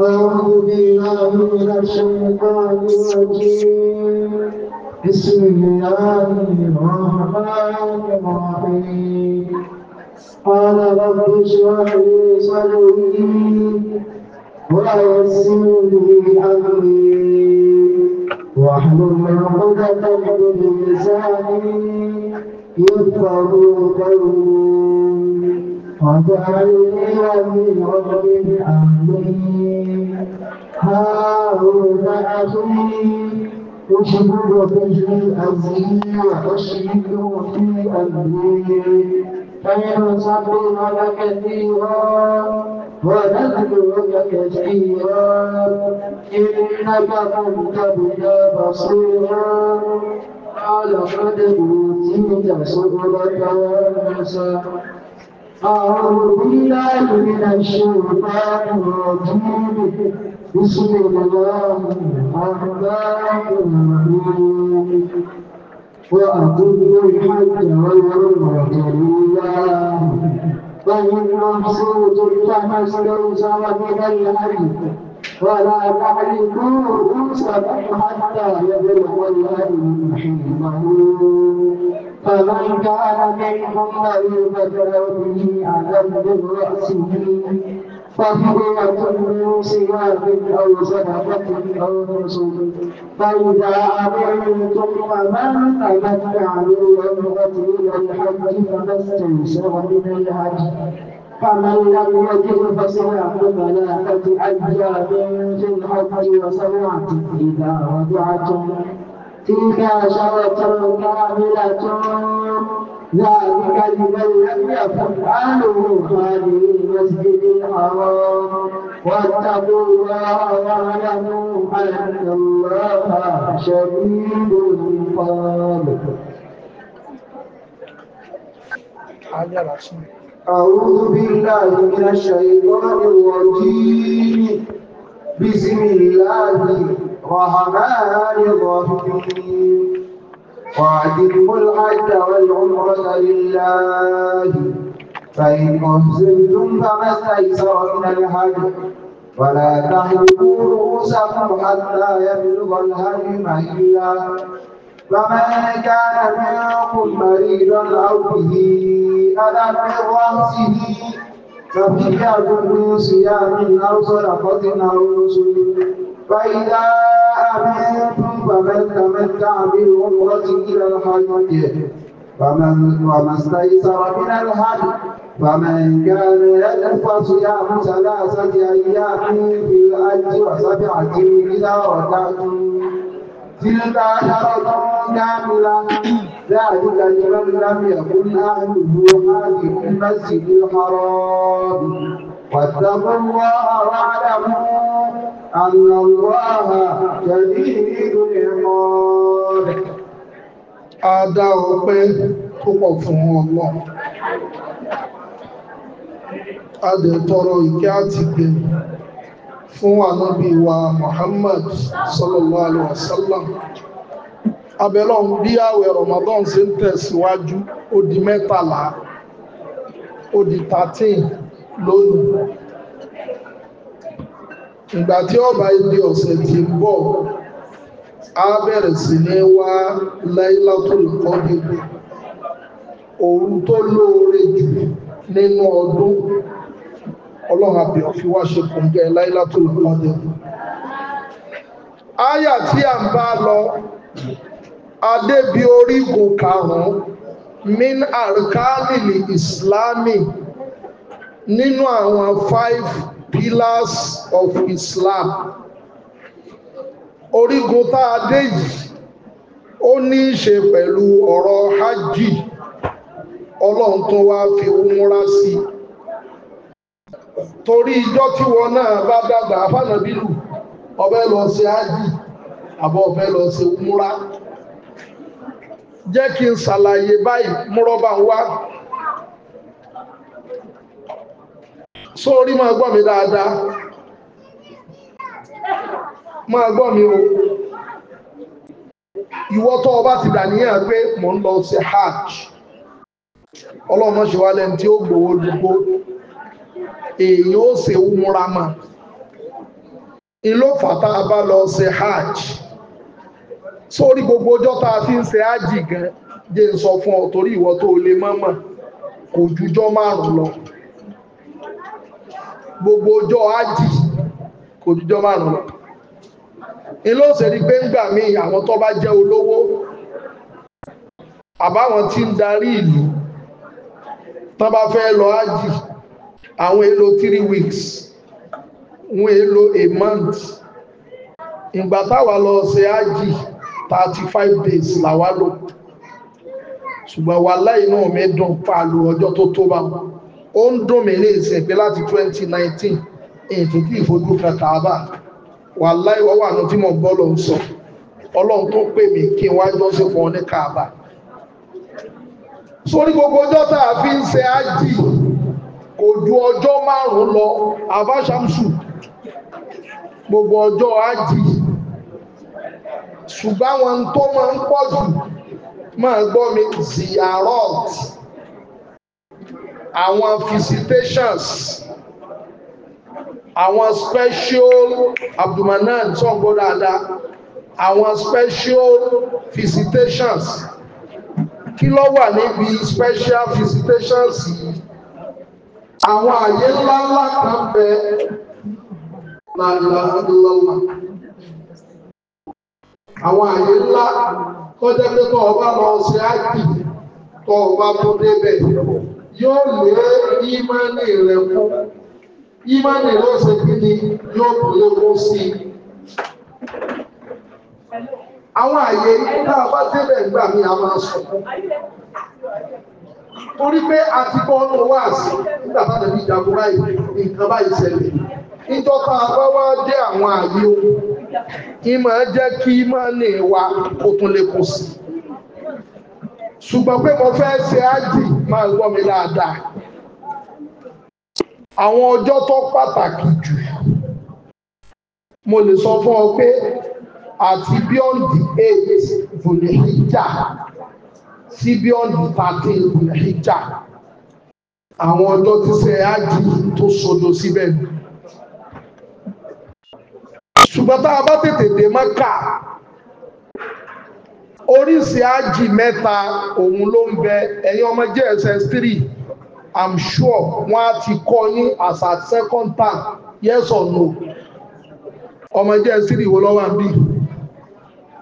أعوذ بالله من الشيطان الرجيم بسم الله الرحمن الرحيم قال رب اشرح لي صدري ويسر لي أمري واحلل عقدة من لساني يفقه قولي واجعلني ومن عقب امري هارون اخي اشهد به امري واشهد في امري فينصبر كثيرا ونذكرك كثيرا إنك كنت بنا بصيرا على قد أوتيت سؤلك يا أعوذ بالله من الشيطان الرجيم بسم الله الرحمن الرحيم وأقم الحج والعمرة لله فإن طيب، أحصيتم فما استيسر من الأجر ولا تعرفوه سبحا حتى يبلغ الأجل محله فمن كان منكم مريضا أو به على رأسه ففرية من صيام أو صدقة أو نسك فإذا أمنتم فمن تمتع بالعمرة إلى الحج فما استيسر من الهدي فمن لم يجد فصيام ثلاثة أيام في الحج وسبعة إذا رجعتم تلك عشرة كاملة ذلك لمن لم يكن أهله خالي المسجد الحرام واتقوا الله واعلموا أن الله شديد العقاب. أعوذ بالله من الشيطان الرجيم بسم الله الرحمن الرحيم وأتموا الحج والعمرة لله فإن أحسنتم فما استيسر من الحج ولا تحلقوا رؤوسكم حتى يبلغ الهدم إلا فمن كان منكم مريضا أو به أذى من رأسه ففدية من صيام أو صدقة أو نسك فإذا أمنتم فمن تمتع بالعمرة إلى الحج فمن وما استيسر من الحج فمن كان يدف صيام ثلاثة أيام في الحج وسبعة إذا رجعتم تلك حرة كاملة ذلك لمن لم يكن أهله هذه المسجد الحرام واتقوا الله واعلموا أن الله شديد العقاب Adá ọpẹ́ púpọ̀ fún Ọlọ́run. Adẹ̀tọrọ ìkẹ́ àti gbẹ̀rù fún ànábì wa Muhammad sallallahu alaihi wasallam abẹ́lọ́n bí àwẹ̀ Ramadan ṣe ń tẹ̀síwájú ó mẹ́tàlá ó 13 lónìí ìgbà ọba ibi ọ̀sẹ̀ ti ń bọ̀ á bẹ̀rẹ̀ sí ní wá Lailatul Qadr òru tó lóore jù nínú ọdún ọlọ́run àbí ọ̀fi wá ṣe kòǹgẹ́ Lailatul Qadr áyà tí a ń bá lọ adébí orígun karùn-ún min arkanili islami nínú àwọn five pillars of Islam orígun tá a dé yìí ó ní í ṣe pẹ̀lú ọ̀rọ̀ hajj ọlọ́run tó wá fi umra sí i torí ijọ́ tí wọn náà bá dàgbà afánàbílù ọbẹ̀ lọ sí ájì àbọ̀ ọbẹ̀ lọ sí múra jẹ́ kí n ṣàlàyé báyìí múrọ́bà ń wá sórí máa gbọ́ mi dáadáa máa gbọ́ mi o ìwọ tó o ti dà níyàn pé mò ń lọ sí hajj ọlọ́run ṣe wá lẹ́ni tí ó gbowó dúpọ́ èèyàn ó ṣe umra mọ́ ìlófà tá a bá lọ ṣe hajj sórí gbogbo ọjọ́ tá a fi ń ṣe hajj gan jẹ́ ń sọ fún ọ torí ìwọ tó lè mọ́mọ́ kò jújọ́ márùn lọ gbogbo ọjọ́ hajj kò jújọ́ márùn lọ ilé òṣèré pé ń gbà mí àwọn tó bá jẹ́ olówó àbáwọn tí ń darí ìlú tán bá fẹ́ lọ hajj àwọn èlò three weeks wọ́n èlò a month ìgbà táwa lọ ṣe ájì thirty five days làwa lò ṣùgbọ́n wà láì náà mi dùn pàlù ọjọ́ tó tó bá ó ń dùn mí ní ìsìn pé láti twenty nineteen ètùtù ìfojú kàtàbà wà láì wọ́wọ́ àná tí mo gbọ́ ló ń sọ ọlọ́run tó pè mí kí n wájú ọ̀sẹ̀ fún ọ ní kàbà sórí gbogbo ọjọ́ tá a fi ń ṣe ájì kò ọjọ́ márùn lọ àbáṣámsù gbogbo ọjọ́ ájì ṣùgbọ́n wọn tó máa ń pọ̀ jù máa gbọ́ mi ziyarot àwọn visitations àwọn special abdulmanan tó ń gbọ́ dáadáa àwọn special visitations kí ló wà níbi special visitations yìí àwọn àyè ńlá ńlá kan bẹ làlá ńlọ́wà àwọn àyè ńlá kọjá pé tó ọba lọ ṣe ájì tó ọba tó débẹ̀ yóò lé ìmánì rẹ kú ìmánì rẹ ṣe kí ni yóò tó lé sí i. àwọn àyè ńlá bá débẹ̀ gbà mí a máa sọ torí pé àti bọ́ ọ́nà wáàsí nígbà tá a lè fi jagun báyìí nǹkan báyìí ṣẹlẹ̀ ìjọba àbá wá dé àwọn ààyè o ìmọ̀ jẹ́ kí ìmọ̀ ní wa kó tún lè kù sí ṣùgbọ́n pé mo fẹ́ ṣe ájì máa gbọ́ mi dáadáa àwọn ọjọ́ tó pàtàkì jù mo lè sọ fún ọ pé àti beyond the eight vòlè ìjà síbí ọ̀nà tàbí ìjà àwọn ọjọ́ tí ṣe ájì tó sodo síbẹ̀ ṣùgbọ́n tá a bá tètè dé Mẹ́kà oríṣìí ájì mẹ́ta òun ló ń bẹ ẹ̀yin ọmọ JSS three i'm sure wọ́n á ti kọ́ yín as a second term yes or no ọmọ JSS three wo lọ́wọ́ àbí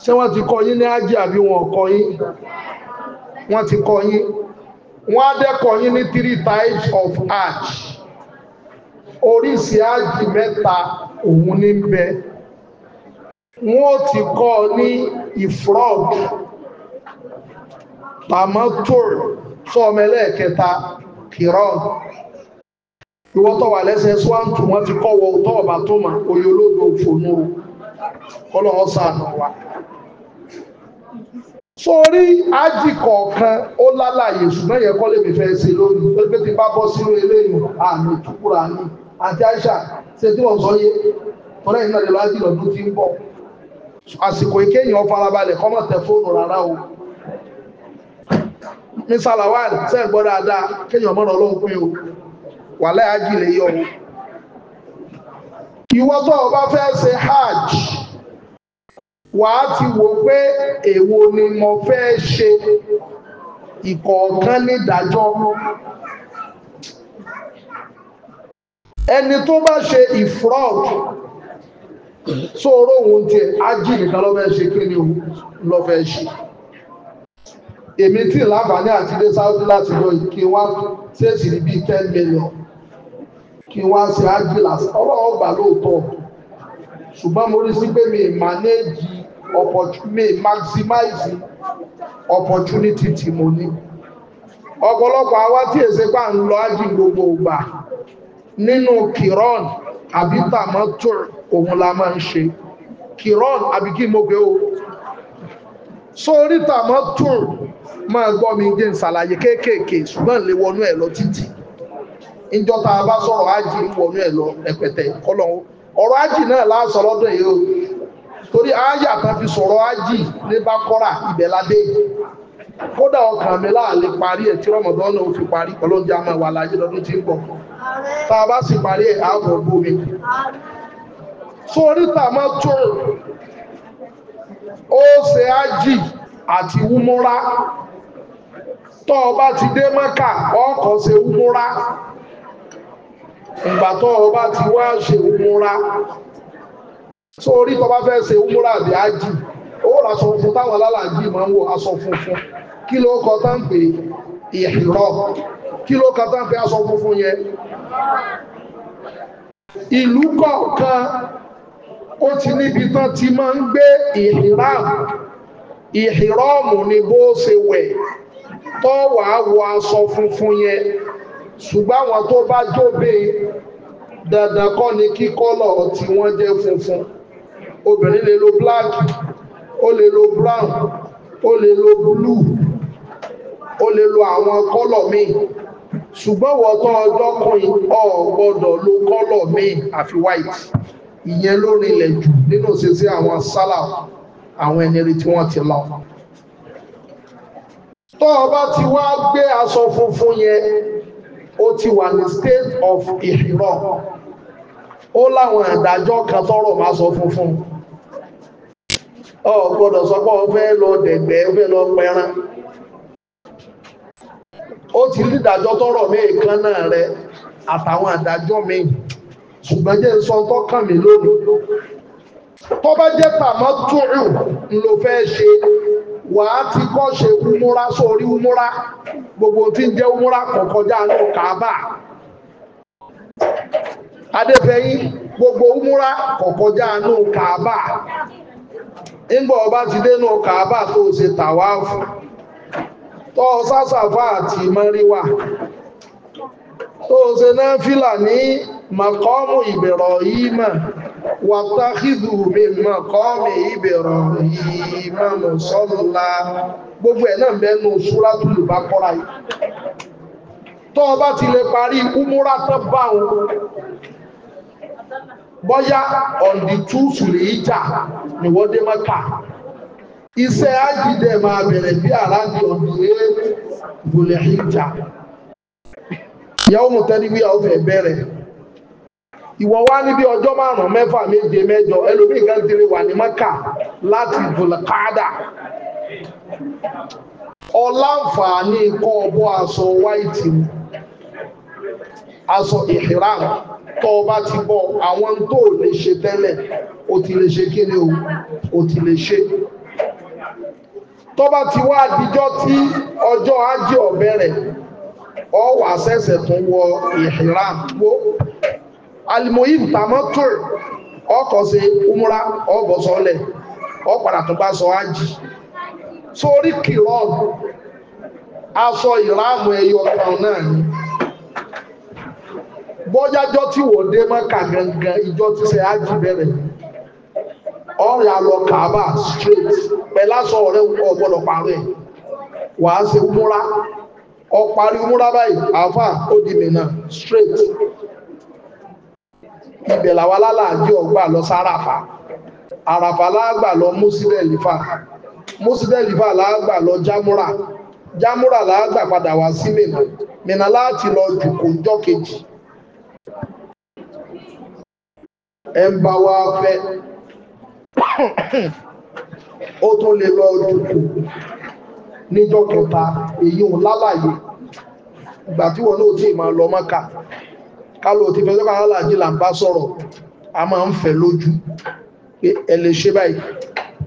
ṣé wọ́n ti kọ́ yín ní ájì àbí wọn ò kọ́ yín wọ́n ti kọ́ yín wọ́n á dẹ́kọ̀ yín ní three types of arch. oríṣi hajj mẹ́ta òun ní bẹ wọ́n ti kọ́ ní ifrog tamotor sọmọ ẹlẹ́ẹ̀kẹta kirog ìwọ́n tó wà lẹ́sẹ̀ swantu wọ́n ti kọ́ wọ tọ́ọ̀bà tó mà oyolódo fònú ọlọ́ọ̀sán náà wà sórí ájì kọ̀ọ̀kan ó lálàyé ṣùgbọ́n yẹ kọ́ lè mi fẹ́ ṣe lórí pé tí bá bọ́ sínú eléyìí àmì túkúra ní àti àṣà ṣe tí wọ́n sọ yé tọ́lá ìnáwó lè lọ́ájì lọ́dún tí ń bọ̀ àsìkò ìkéyàn farabalẹ̀ kọ́mọ̀ tẹ fóònù rárá o ní sàlàwà tẹ́ gbọ́ dáadáa kéyàn mọ́nà ọlọ́run pé o wà láyájì lè yọ o ìwọ́tọ̀ ọba fẹ́ ṣe hajj wàá ti wò pé èwo ni mo fẹ́ ṣe ìkọ̀ọ̀kan nídàájọ́ ẹni tó bá ṣe ìfraud sóòrò òun tiẹ̀ ájì nìkan ló fẹ́ ṣe kí ni ló fẹ́ ṣe èmi tí láǹfààní àti dé sáúdí láti lọ kí wá ṣèṣì ní bíi ten million kí wá ṣe ájì lásán ọlọ́run gbà lóòótọ́ ṣùgbọ́n mo rí sí pé mi manage maximizing opportunity ti mo ni ọpọlọpọ àwa tí èsè pa n lọ ájì gbogbo ụba nínú kiron àbí tàmọ́tò òun la máa ń ṣe kiron àbí kí mo gbé o sórí tàmọ́tò máa gbọ́ mi jẹ́ ìsàlàyé kéékèèké ṣùgbọ́n lè wọnú ẹ̀ lọ títì ìjọta bá sọ̀rọ̀ ájì wọnú ẹ̀ lọ ẹ̀pẹ̀tẹ̀ kọ́lọ́hún ọ̀rọ̀ ájì náà torí ááyà kan fi sọ̀rọ̀ ájì ní bákọ́rà ìbẹ̀ládé kódà ọkàn mi láàlè parí ẹ̀ tí rọmọdán náà fi parí ọlọ́njẹ́ àmọ́ ìwà láyé lọ́dún tí ń bọ̀ tá a bá sì parí ẹ̀ ààbọ̀ bómi sórí tàmọ́ tó ó ṣe ájì àti wúmúra tọ́ ọba ti dé mọ́kà ọkọ̀ ṣe wúmúra ìgbà tọ́ ọba ti wá ṣe wúmúra sórí tó bá fẹ́ ṣe umura àbí ájì ó rà aṣọ funfun táwọn alálàájì máa ń wọ aṣọ funfun kí ló kọ tá ń pè ìrọ kí ló kọ tá ń pè aṣọ funfun yẹn ìlú kọ̀ọ̀kan ó ti níbi tán ti máa ń gbé ìhìráàmù ìhìráàmù ni bó ṣe wẹ̀ tó wàá wọ aṣọ funfun yẹn ṣùgbọ́n àwọn tó bá jóbe dandan kọ́ ni kíkọ́lọ̀ tí wọ́n jẹ́ funfun obìnrin lè lo black ó lè lo brown ó lè lo blue ó lè lo àwọn kọ́lọ̀ míì ṣùgbọ́n wọ́tọ́ ọjọ́kùnrin ò gbọ́dọ̀ lo kọ́lọ̀ míì àfi white ìyẹn ló rinlẹ̀ jù nínú ṣíṣe àwọn sálà àwọn ẹni tí wọ́n ti lọ tó o bá ti wá gbé aṣọ funfun yẹn ó ti wà ní state of ihram ó láwọn àdájọ́ kan tọ́rọ̀ máa sọ funfun ọ gbọ́dọ̀ sọ pé ó fẹ́ lọ dẹ̀gbẹ́ ó fẹ́ lọ pẹran ó ti rí ìdájọ́ tọ́rọ̀ méè kan náà rẹ àtàwọn àdájọ́ míì ṣùgbọ́n jẹ́ sọ tọ́kàn mi lónìí tó bá jẹ́ tàmọ́ túrùn ló fẹ́ ṣe wà á ti kọ́ ṣe umúra sórí umúra gbogbo tí ń jẹ́ umúra kọ̀kọ́já náà kàábà adéfẹ́yìn gbogbo múra kọ̀kọ́já nù kàábà ńgbà ọba ti dé nù kàábà tó ṣe tàwáàfù tó sásàfà àti mọ́ríwà tó ṣe náà fìlà ní màkọ́mù ìbẹ̀rọ̀ yìí mọ̀ wàtàkìdù mi màkọ́mù ìbẹ̀rọ̀ yìí mọ̀ mùsọ́lá gbogbo ẹ̀ náà mẹ́nu súrátùlù bá kọ́ra yìí tó ọba ti lè parí umúra tán báwọn bọ́yá on the ìjà ni wọ́n dé iṣẹ́ máa bẹ̀rẹ̀ bí aláǹdí on the ìjà ìyàwó mọ̀tẹ́lẹ́wì àwọn fẹ̀ bẹ̀rẹ̀ wá níbi ọjọ́ márùn-ún mẹ́fà méje mẹ́jọ ẹlòmíì kan ti wà ní mọ́kà láti ọláǹfààní kọ́ aṣọ ìhìram tó o bá ti bọ́ àwọn tó o lè ṣe tẹ́lẹ̀ o ti lè ṣe kí ni o o ti lè ṣe tó bá ti wá àdíjọ́ tí ọjọ́ ajé ọ̀bẹ̀rẹ̀ ọ wà sẹ́sẹ̀ tún wọ ìhìram wo alimoyin tamotur ọkọ̀ sí umra ọbọ̀ sọlẹ̀ ọ̀padà tó bá sọ ájì sórí kìlọ́ọ̀bù aṣọ ìráàmù ẹyọ kan náà ni. bọ́yájọ́ tí wò dé gangan ìjọ tí ṣe ájì bẹ̀rẹ̀ ọ̀rẹ́ alọ kàbà straight sọ ọ̀rẹ́ ọ̀gbọ́dọ̀ parí ẹ̀ á ṣe múra ọparí múra báyìí àfà òdì mìíràn straight ibẹ̀ làwa lọ àràfà lọ lọ padà wá sí mìíràn mìíràn láti lọ ẹ wa bá wá fẹ́ ó tó lè lọ dùkù níjọ́ kẹta èyí ò lálàyé ìgbà tí wọn náà tí ì máa lọ mọ́kà kálò tí fẹ́ sọ́kà aláàjì là ń bá sọ̀rọ̀ a máa ń fẹ́ lójú pé ẹ ṣe báyìí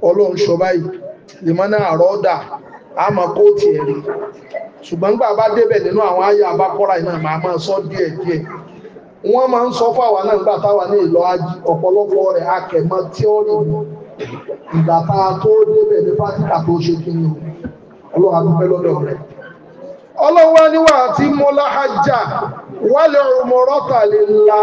ọlọ́run sọ báyìí lèmọ́nà àrọ́dà a máa kó tiẹ̀ ṣùgbọ́n gbà bá débẹ̀ nínú àwọn àyà àbákọ́ra ìnáà máa máa sọ wọ́n máa ń sọ fáwa náà nígbà táwa ní ìlọ ají ọ̀pọ̀lọpọ̀ rẹ̀ akẹ̀mọ́ tíọ́rì ìgbà tá a tó débẹ̀ ní Pásítà tó ṣe kí ni ọlọ́run adúpẹ́ rẹ̀ ọlọ́wọ́ níwà tí mo láhájà wálé ọmọrọ́ta lè la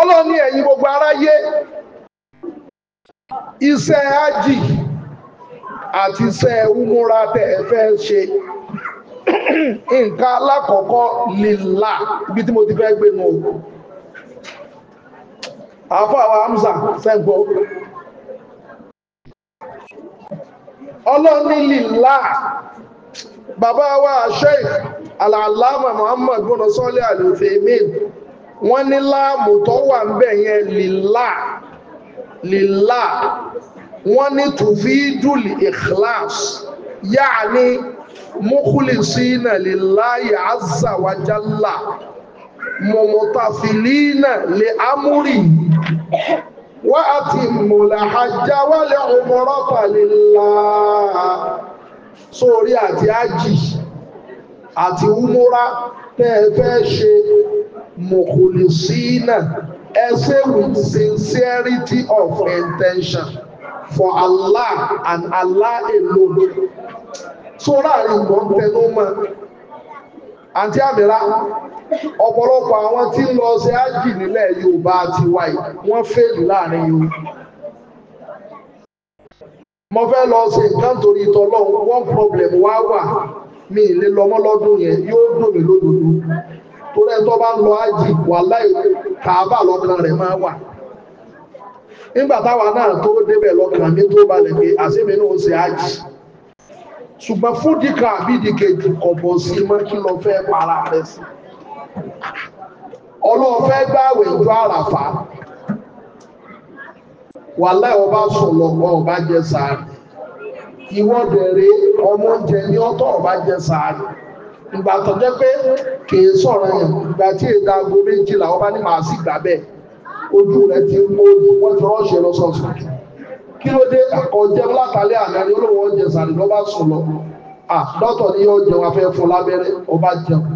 ọlọ́ni ẹ̀yin gbogbo aráyé iṣẹ́ ájì àti iṣẹ́ umura tẹ́ ẹ fẹ́ ṣe nǹkan alákọ̀ọ́kọ́ lila ibi tí mo ti fẹ́ gbé nù o àfọ́ àwọn amsa sẹ́gbọ́ ọlọ́ni lila bàbá wa Sheikh alàlámà Muhammad gbọ́nà sọ́lẹ̀ àlòfèémìn wọ́n ní láàmù tó wà ń bẹ̀ yẹn lìlà lílá wọ́n ní tùfídùl ikhlas yáàní mukhlisina lillahi azza wa jalla mọ̀mọ̀tàfìlínà lè amúrì wá àti mọ̀làhájá wà lè umrata lillah sórí àti ájì umura tẹ́ẹ̀fẹ́ ṣe mukhlisina Essay with sincerity of intention for Allah and Allah alone. So láàrin ìgbọ̀n tẹnu mọ́. Àǹtí Àmìlá, ọ̀pọ̀lọpọ̀ àwọn tí ń lọ ṣe ájì nílẹ̀ Yorùbá àti wáyé, wọ́n fèlì láàrin yìí. Mo fẹ́ lọ ṣe nǹkan torí ìtọ́lọ́ one problem wá wà mí ìlélọ́mọ́lọ́dún yẹn yóò dùn mí lódodo torí ẹni tó bá ń lọ ájì wàláhì kàábà lọ́kàn rẹ̀ máa wà nígbà táwa náà tó débẹ̀ lọ́kàn mi tó balẹ̀ pé àṣẹ́mi náà ṣe ájì ṣùgbọ́n fún díkà àbídìkejì kọ̀bọ̀ sí mọ́ kí lọ fẹ́ para rẹ̀ sí ọlọ́ọ̀fẹ́ gbáwẹ̀ ìjọ àràfà wàláhì ọba sọ̀lọ̀ ọba jẹ sàárì ìwọ́dẹ̀rẹ̀ ọmọ oúnjẹ ní ọtọ̀ ọba jẹ sàárì ìgbà tó jẹ́ pé kìí sọ̀rọ̀ yẹn ìgbà tí èdè aago méjìlá ọba ní màá sì gbà bẹ́ẹ̀ ojú rẹ̀ ti mú ojú wọ́n ti rọ́ọ̀ṣẹ́ lọ́sọ̀ọ̀sọ̀ kí ló dé àkọjẹ́ látàlẹ́ àná ni olówó oúnjẹ sàrí lọ́ba sùn lọ à dọ́tọ̀ ni yóò jẹun afẹ́ fún lábẹ́rẹ́ ọba jẹun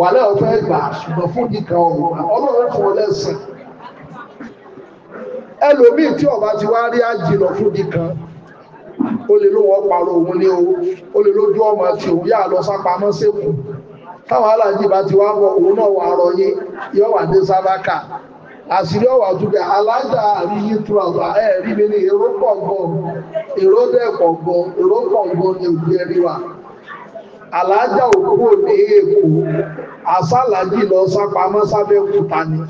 wà lẹ́ ọ̀fẹ́ gbà ṣùgbọ́n fún ìkan ọ̀gbà ọlọ́run fún ọ lẹ́sìn ẹlòmíì tí ọba ti wá rí àjìnà fún ìkan ó lè lóun ọparọ òun ní owó ó lè lójú ọmọ tí òun yà lọ sápamọ́ sẹ́kù táwọn ti wá bọ̀ òun náà wà rọ yín yóò wà dé sábàkà àṣírí ọ̀wà túbẹ̀ alájà àríyí túrọ̀lá ẹ̀rí mi ní èrò pọ̀ èrò dẹ̀ èrò ní òbí wa òkú òní èkó ni.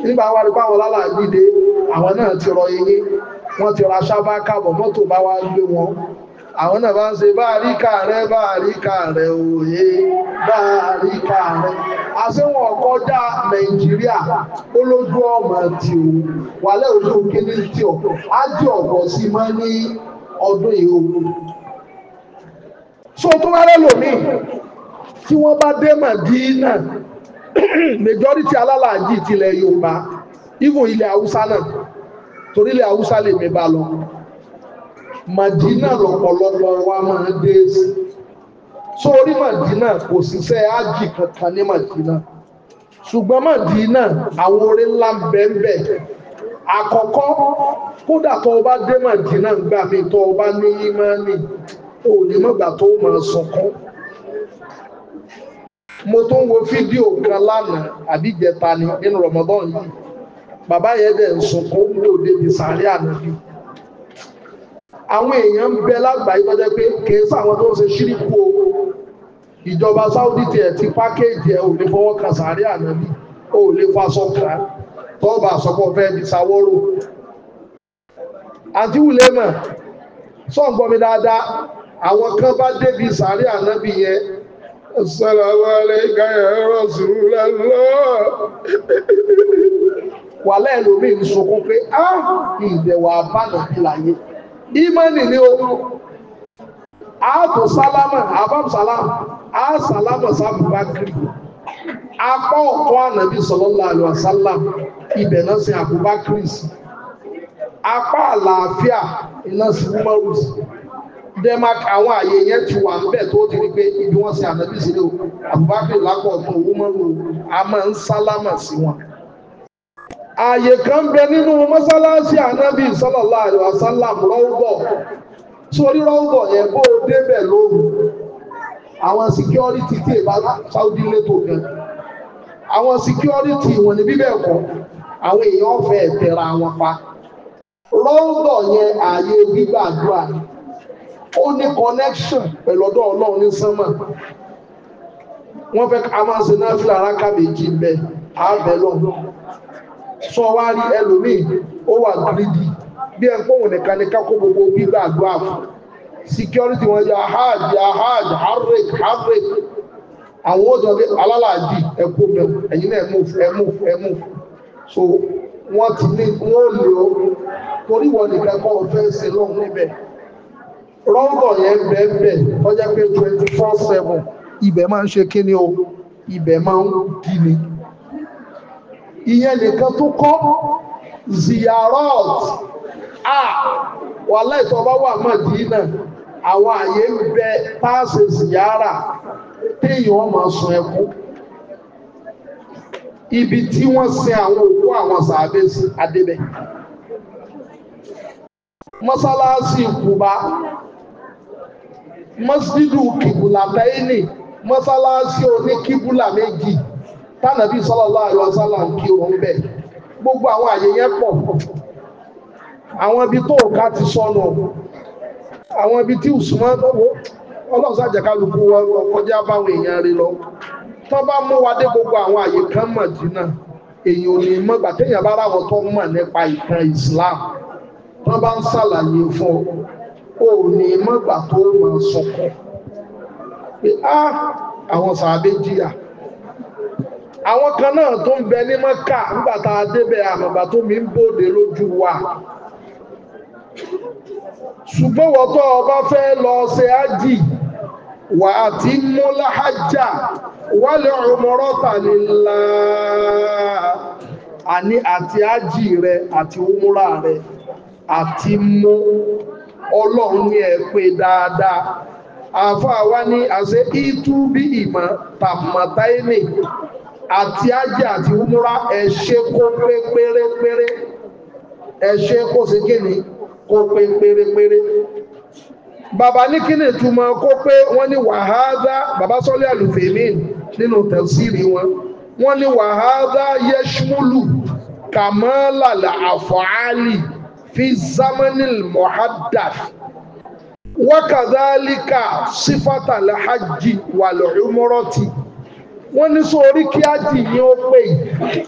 nígbà wá rí páwọn lálàgbìdé àwọn náà ti rọ eyín wọ́n ti ra sábà kábọ̀ mọ́tò bá wá gbé wọn àwọn náà bá ń ṣe báàríkà rẹ báàríkà rẹ òye báàríkà rẹ àṣewọ̀n kọjá nàìjíríà olójú ọmọ tí o wà lẹ́ ojú kíní tí ọ á ọ̀pọ̀ sí mọ́ ní ọdún yìí o so tó wá rẹ tí wọ́n bá dé màdínà majority alálàájì tilẹ̀ Yorùbá even ilẹ̀ Haúsá náà torí ilẹ̀ Haúsá lè mi bá lọ Màdínà lọ́pọ̀lọpọ̀ wa máa dé sí sórí Màdínà kò ṣiṣẹ́ ájì kankan ní Màdínà ṣùgbọ́n Màdínà àwọn oore ńlá ń bẹ́ẹ̀ bẹ́ẹ̀ àkọ́kọ́ kódà tó o bá dé Màdínà gbà mí tó o bá ní ímánì ò ní mọ̀gbà tó o máa sọkún. mo tó ń wo fídíò kan lánàá àbí ìjẹta ni nínú Ramadan yìí bàbá yẹn dẹ̀ ń sunkún lóde ní sàárẹ̀ ànábì àwọn èèyàn ń bẹ lágbàáyé tó jẹ́ pé kìí sáwọn tó ń ṣe ṣíríkù owó ìjọba Saudi tiẹ̀ ti pákéèjì ẹ̀ ò lè fọwọ́ kan sàárẹ̀ ànábì ò lè faṣọ kan tọ́ọ̀bù àsọpọ̀ fẹ́ di sawọ́rò àti wùlẹ́mọ̀ sọ̀ǹgbọ́n mi dáadáa àwọn kan bá débi sàárẹ̀ ànábì yẹn Assalamu alayka ya رسول الله، lẹ́ẹ̀lómi ń sunkún pé á ìdẹ̀wà àbánàbí láyé. Ìmọ̀nì ni ó àtò sálámà àbám sálámà á sálámà sábùbá kiri. Apá ọ̀tọ́ ànàbí sallallahu alaihi wasallam ibẹ̀ náà sin Abubakar sí. Apá àlàáfíà iná sí Umaru sí denmark àwọn àyè yẹn ti wà níbẹ̀ tó ti rí pé ibi wọ́n ṣe ànábì sílẹ̀ o àbúbákẹ́ lápò ọ̀gbọ́n owó mọ́rùn a máa ń sálámà sí wọn. àyè kan bẹ nínú mọ́sálásí ànábì sallallahu alaihi wasallam rọ́ọ̀bọ̀ sórí rọ́ọ̀bọ̀ yẹn bó débẹ̀ lóru àwọn security tí èbá Saudi lẹ́tọ̀ gan àwọn security wọn ni bíbẹ̀ kọ́ àwọn èèyàn fẹ́ tẹ̀ra wọn pa rọ́ọ̀bọ̀ yẹn àyè gbígbàdúrà ni ó ní connection pẹ̀lú ọ̀dọ̀ ọlọ́run ní sánmà wọ́n fẹ́ ká máa ṣe náà fílà aráka méjì bẹ́ ààbẹ̀ lọ sọ wá rí ẹlòmíì ó wà gírídì bí ẹ ń pọ̀ nìkan ní kákó gbogbo gbígbà àdúrà fún security wọn yà hajj yà hajj harric harric àwọn ó sọ pé alálàájì ẹkọ bẹ ẹyin náà ẹmú ẹmú ẹmú so wọn ti ní wọn ò lè o torí wọn nìkan kọ́ ọ fẹ́ ṣe lọ́hùn níbẹ̀ rọ́bọ̀ yẹn bẹ́ẹ̀bẹ̀ ọjọ́ pé twenty four seven ibẹ̀ máa ń ṣe kíni o ibẹ̀ máa ń di ni. ìyẹn nìkan tó kọ́ ziyarot a wàhálà ìtọ́ba wà Mádínà àwọn àyè ń bẹ páàsì ziyara téèyàn máa sun ẹkú ibi tí wọ́n sin àwọn òkú àwọn sàbẹ̀sì adébẹ̀ mọ́sálásí Kùbá mọ́sídù kìbùlàtàínì mọ́sálásí oníkíbùlà méjì tánàbí sallallahu alaihi wasallam kí òun bẹ̀ gbogbo àwọn àyè yẹn pọ̀ àwọn ibi tó ká ti sọnù àwọn ibi tí Usman lọ́wọ́ ọlọ́run sàjẹ̀kálukú ọkọjá báwọn èèyàn rí lọ tó bá mú wa dé gbogbo àwọn àyè kan Mádínà o ò ní mọ̀ gbà téèyàn bá ráwọ̀ tó mọ̀ nípa ìtàn Islam tó bá ń ṣàlàyé fún ọ o ni tó mọ̀ sọ̀kọ̀ pé á àwọn sàábé àwọn kan náà tó ń bẹ ní mọ́kà nígbà tá a tó mi ń bòde lójú wa ṣùgbọ́n wọ́n ọba fẹ́ lọ ṣe ájì wà á ti mú láhájà wálé àní àti ájì rẹ àti òmúra rẹ àti mú ọlọ́run ní ẹ pé dáadáa àáfàá wa ní àṣẹ ìtú bí ìmọ̀ tàmọ̀táìmì àti ájì àti múra ẹ ṣe kó pé pérépéré ẹ ṣe kó ṣe kí ni kó pé pérépéré bàbá ní kí ni ìtumọ̀ kó pé wọ́n ní wàhálà bàbá sọ́lé àlùfèmí nínú tẹ̀síìrì wọn wọ́n ní wàhálà yẹ́ṣmúlù kàmọ́làlà àfọ̀álì في زمن muhaddaf وكذلك sífàtàlẹ̀ hajj wà lọ́rùmọ́rọ́tì wọ́n ní sọ orí kí ájì yín ó pè yìí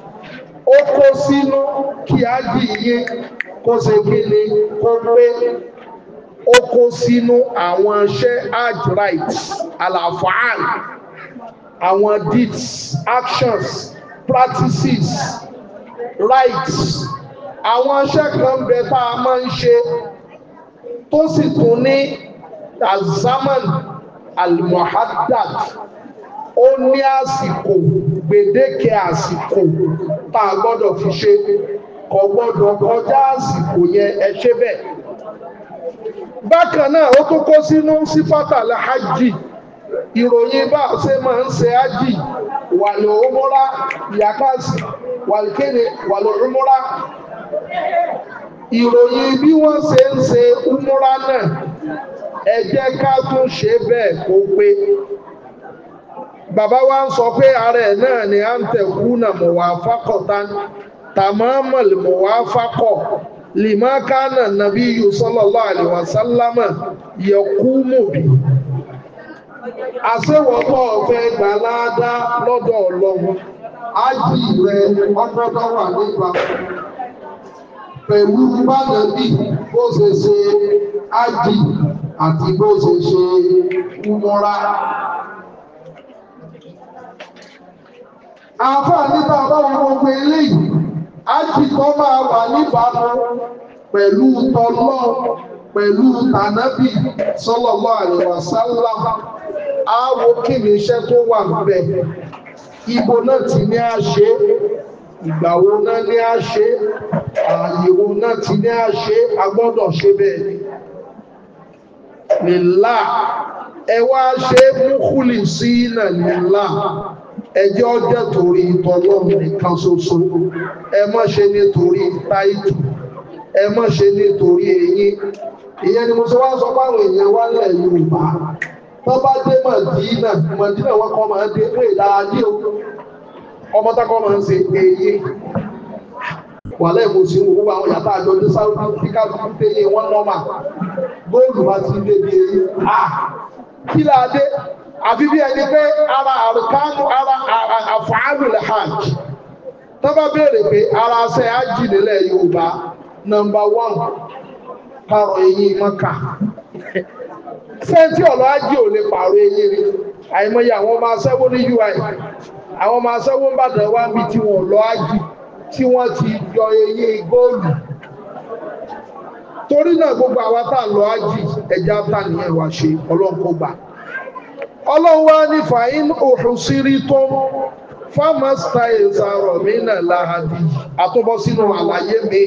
ó kó sínú kí ájì yín kó ṣe gbélé kó pé ó kó sínú àwọn iṣẹ́ hajj rights àlàfáàn àwọn deeds actions practices rights àwọn iṣẹ́ kan bẹ tá a máa ń ṣe tó sì tún ní azaman almohadad ó ní àsìkò gbèdéke àsìkò tá a gbọ́dọ̀ fi ṣe kò gbọ́dọ̀ kọjá àsìkò yẹn ẹ ṣe bẹ́ẹ̀ bákan náà ó tún kó sínú sífàtàlà hajj ìròyìn bá ṣe máa ń ṣe ájì wàlúùmúra yàtọ̀ wàlúkéde wàlúùmúra ìròyìn bí wọ́n ṣe ń ṣe múra náà ẹ jẹ́ ká tún ṣe bẹ́ẹ̀ kó pé bàbá wa ń sọ pé ara ẹ̀ náà ni à ń tẹ̀kú nà mọ̀ wá fákọ̀ tán tàmọ́mọ̀ mọ̀ wá fákọ̀ lìmọ́ kánà nàbí yìí sallallahu alaihi wasallam yẹ kú mọ̀ bí. àṣewọ́pọ̀ ọ̀fẹ́ gbà ládàá lọ́dọ̀ ọlọ́run ájì rẹ ọdọ́dọ́ wà nípa pẹ̀lú bánàbí bó ṣe ṣe ájì àti bó ṣe ṣe umura. Àfáà nípa báwọn gbogbo eléyìí, ájì tó máa wà níbàámu pẹ̀lú tọ́lọ́ pẹ̀lú tànábì sallallahu alaihi wasallam. Àwo kí ni iṣẹ́ tó wà níbẹ̀? Ibo náà ti ní àṣẹ ìgbà wo náà ní a ṣe ààyè wo náà ti ní a ṣe a gbọ́dọ̀ ṣe bẹ́ẹ̀ ni lílá ẹ wá ṣe múkúlì sí náà lílá ẹjẹ́ ọjọ́ torí ìtọ́lọ́run nìkan ṣoṣo ẹ má ṣe nítorí táìtù ẹ má ṣe nítorí eyín ìyẹn ni mo sọ wá sọ fáwọn èèyàn wá lẹ̀ Yorùbá tó bá dé Mádínà Mádínà wọn kọ́ máa dé pé ìdáradí o ọmọ tákọ́ máa ń ṣe èyí wà lẹ́ẹ̀kọ́ sí owó àwọn a àjọ ní South Africa tó tẹ̀lé wọn nọ́mà góòlù bá ti dé bí èyí à kí láadé àfi bí ẹni pé ara àrùkánú ara àfààlù lè hajj tó bá béèrè pé ara ṣe hajj nílẹ̀ Yorùbá nọ́mbà wọ́n pààrọ̀ eyín mọ́kà sẹ́ńtì ọ̀lọ́ hajj ò lè pààrọ̀ eyín rí àìmọye àwọn ọmọ aṣẹ́wó ní ui àwọn ọmọ aṣẹ́wó ń bàdàn wá bí tí wọ́n lọ ájì tí wọ́n ti yọ eyín góòlù torí náà gbogbo àwa tá a lọ ájì ẹja tá nìyẹn wá ṣe ọlọ́run kó gbà ọlọ́run wá ní fàáyín òṣùṣírí tó fámásítà ìsàrọ̀ mí náà láhàdì àtúbọ̀ sínú àlàyé mi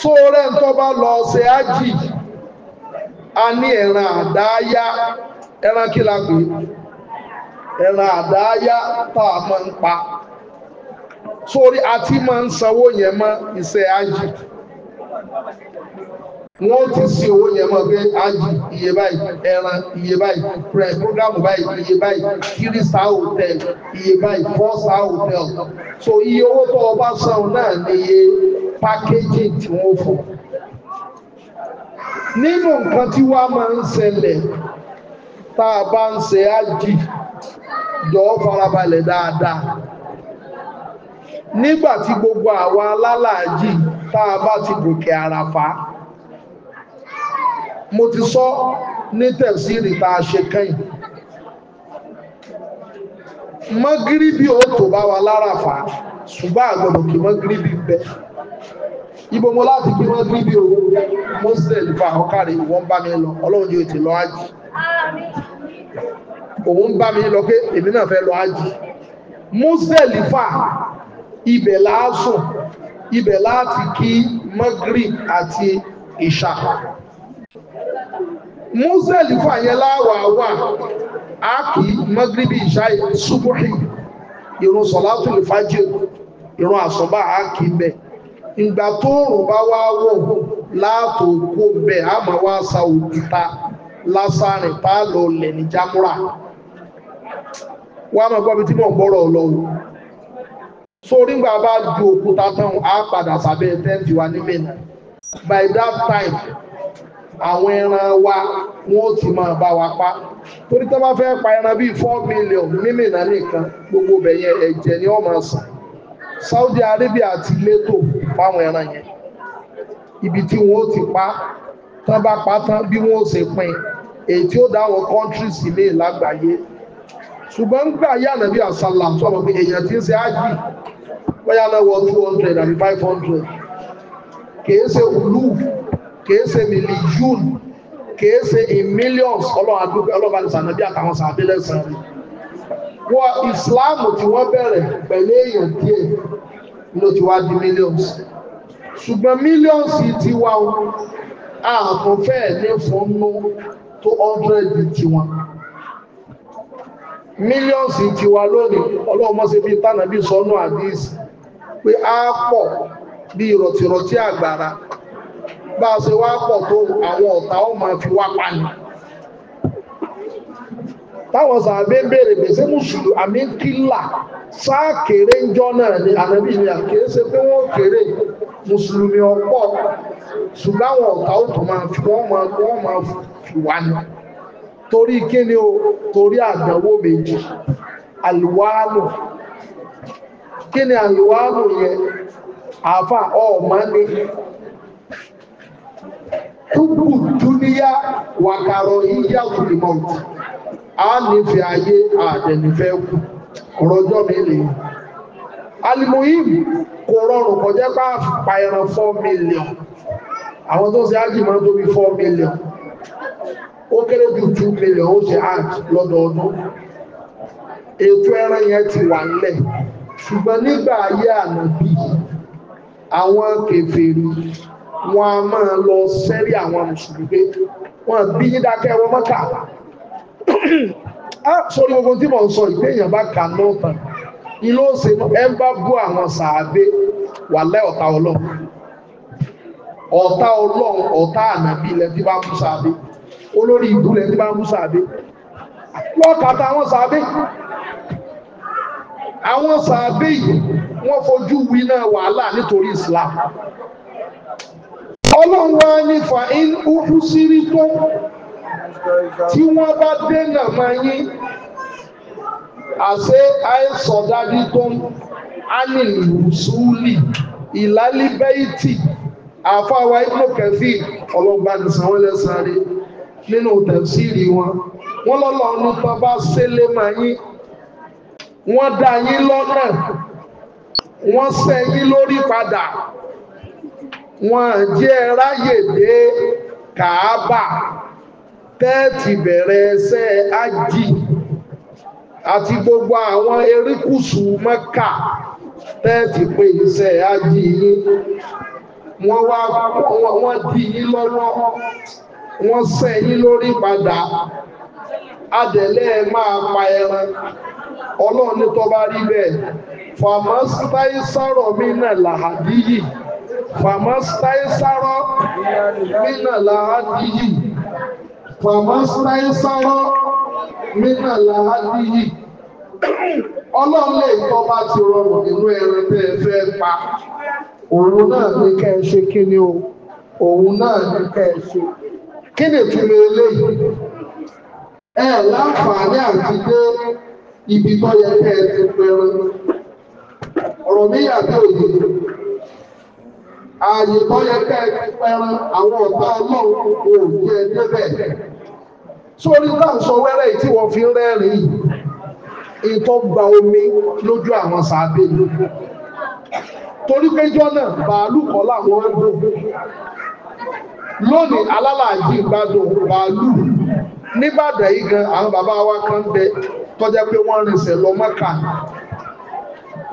sóòrẹ́ ń tọ́ bá lọ ṣe ájì a ní ẹ̀ràn àdáyá ẹran kí la pè ẹran àdáyá tá a máa ń pa sórí àti máa ń sanwó yẹn mọ́ iṣẹ́ ájì wọ́n ti sin owó yẹn mọ́ pé ájì iye báyìí ẹran iye báyìí rẹ̀ programu báyìí iye báyìí three star hotel iye báyìí four star hotel so iye owó tó o bá san náà ni iye pákéjì tí wọ́n fò nínú nǹkan tí wàá máa ń ṣẹlẹ̀ tá a bá ń ṣe ájì jọ̀ọ́ farabalẹ̀ dáadáa nígbà tí gbogbo àwa alálàájì tá a bá ti gòkè àràfá mo ti sọ ní tẹ̀síìrì tá a ṣe kẹ́yìn mọ́gíríbì ó tó bá wa láràfá ṣùgbọ́n àgbọ̀dọ̀ kí mọ́gíríbì bẹ́ẹ̀ ibo mo láti kí mọ́gíríbì owó mọ́sílẹ̀ nípa ọkàrí ìwọ̀n bá mi lọ ọlọ́run yóò ti lọ ájì òun bá mi lọ pé èmi náà fẹ́ lọ ájì Muzdalifa ibẹ̀ láásùn ibẹ̀ láti kí Maghrib àti ìṣà Muzdalifa yẹn láwà wà á kí Maghrib ìṣà subuhi ìrun sọ̀látùlù fájìrì ìrun àsọ̀bá á kí bẹ́ẹ̀ ìgbà tó rùn bá wá wọ̀ láàtò kó bẹ́ẹ̀ á máa wá sa òkúta Lasa páàlò olè ní jámúrà wọ́n á máa tí mò gbọ́rọ̀ ọlọ́run bá ju òkúta tán á padà sábẹ́ tẹ́ǹtì wa ní mẹ́nà by that time àwọn ẹran wa wọn ti máa bá wa pa torí tó bá fẹ́ pa ẹran bíi four million nìkan gbogbo bẹ̀yẹn ẹ̀jẹ̀ ni wọ́n máa sàn Saudi Arabia ti fáwọn yẹn ibi tí wọn tán bá pa tán bí wọ́n ó ṣe pín èyí tí ó dáwọ́ countries ilé lágbàáyé ṣùgbọ́n gbà yá nàbí àṣàlà sọ̀rọ̀ pé èèyàn ti ń ṣe ájì bóyá náà wọ two hundred àbí five hundred kìí ṣe olú kìí ṣe million kìí ṣe in millions ọlọ́run àdúgbò ọlọ́run àti sànàbí àtàwọn sàbílẹ̀ sàrí wọ islam, tí wọ́n bẹ̀rẹ̀ pẹ̀lú èèyàn díẹ̀ ló ti wá di millions ṣùgbọ́n millions ti wá ààtún fẹ́ẹ̀ ní fún nú tó ọ́ndrẹ́dì tiwọn mílíọ̀nsì tiwa lónìí ọlọ́mọ́sí bí tánàbí sọ́nù àdíìsì pé a pọ̀ bí rọ̀tìrọ̀tì àgbàrá bá a ṣe wá pọ̀ tó àwọn ọ̀tá ó máa fi wá pani táwọn sàbẹ̀ béèrè pé ṣé mùsùlùmí kílà sáà kéré ń jọ́ náà ni ànábì ni àkéré ṣe pé wọ́n kéré mùsùlùmí ọ̀pọ̀ ṣùgbọ́n àwọn ọ̀tá ò tó máa fi wọ́n máa wọ́n máa fi wá ní torí kíni o torí àdánwò méjì àlùwálù kíni àlùwálù yẹn àfà ọ̀ọ́mà ni túbù dúníyà wàkàrọ̀ yíyá òkùnrin a nífẹ̀ẹ́ ayé àdẹ̀nífẹ́ kù ọ̀rọ̀ ọjọ́ mi lè alimoyim kò rọrùn kọjá pa pa ẹran 4 million àwọn tó ṣe ájì máa ń tóbi 4 million ó kéré ju 2 million ó ṣe ájì lọ́dọọdún ètò ẹran yẹn ti wà nílẹ̀ ṣùgbọ́n nígbà ayé ànábì àwọn kèfèrí wọn a máa lọ sẹ́rí àwọn mùsùlùmí pé wọ́n bí yín dákẹ́ ẹ̀rọ mọ́kà Ah, sórí gbogbo tí mò ń sọ ìpé èèyàn bá kà náà tán ilé òsè ẹ bá bú àwọn sàábé wà lẹ́ ọ̀tá ọlọ́run ọ̀tá ọlọ́run ọ̀tá ànàbí ilẹ̀ tí bá ń bú sàábé olórí ìbú ilẹ̀ tí bá ń bú sàábé lọ́kàtà àwọn sàábé àwọn sàábé yìí wọ́n fojú wí náà wàhálà nítorí Islam ọlọ́run wá ní fa in ó kú sírí tó tí wọ́n bá dènà mọ́ yín àṣẹ àìsọ̀dájú tó ń ánìlùsúlì ìlálíbẹ́ìtì àfáwà ibùdó kẹfì ọlọ́gbà nìsanwó lẹ́sàárẹ̀ nínú tẹ̀síìrì wọn wọ́n lọ́lọ́ ọ̀nù bàbá sẹ́lẹ̀ mọ́ yín wọ́n dá yín lọ́nà wọ́n ṣẹ́ yín lórí padà wọ́n jẹ́ ráyè dé kàábà tẹ́ẹ̀tì bẹ̀rẹ̀ ẹsẹ̀ ájì àti gbogbo àwọn erékùsù mẹ́kà tẹ́ẹ̀tì pé iṣẹ́ ájì yín wọ́n wá wọ́n dì yín lọ́wọ́ wọ́n sẹ́ yín lórí padà adẹ̀lẹ́ máa pa ẹran ọlọ́run ní tọ́ba rí bẹ́ẹ̀ fàmọ́sítáì sọ̀rọ̀ mí náà làhàdí fàmọ́sítáì sọ̀rọ̀ mí náà làhàdí wàmọ́ sáyé sáwọ́ nínú àlàá níyì ọlọ́run lè tọ́ bá ti rọrùn nínú ẹran tẹ́ ẹ fẹ́ pa òun náà ní ká ẹ ṣe kí ni o òun náà ní ká ẹ ṣe kí ni ìtumọ̀ eléyìí ẹ láǹfààní àti dé ibi tó yẹ ká ẹ ti pẹran ọ̀rọ̀ mi yàtọ̀ òye ààyè tó yẹ ká ẹ ti pẹran àwọn ọ̀tá ọlọ́run kò jẹ́ débẹ̀ sórí ká ń sọ wẹ́rẹ́ yìí tí wọ́n fi ń rẹ́rìn yìí ètò gba omi lójú àwọn sàábé ni torí pé jọ́nà bàálù kọ́ làwọn ń lò lónìí alálàájì ìgbádùn bàálù nígbàdàn yìí gan àwọn bàbá wa kan bẹ tọ́jà pé wọ́n rinṣẹ̀ lọ mọ́kà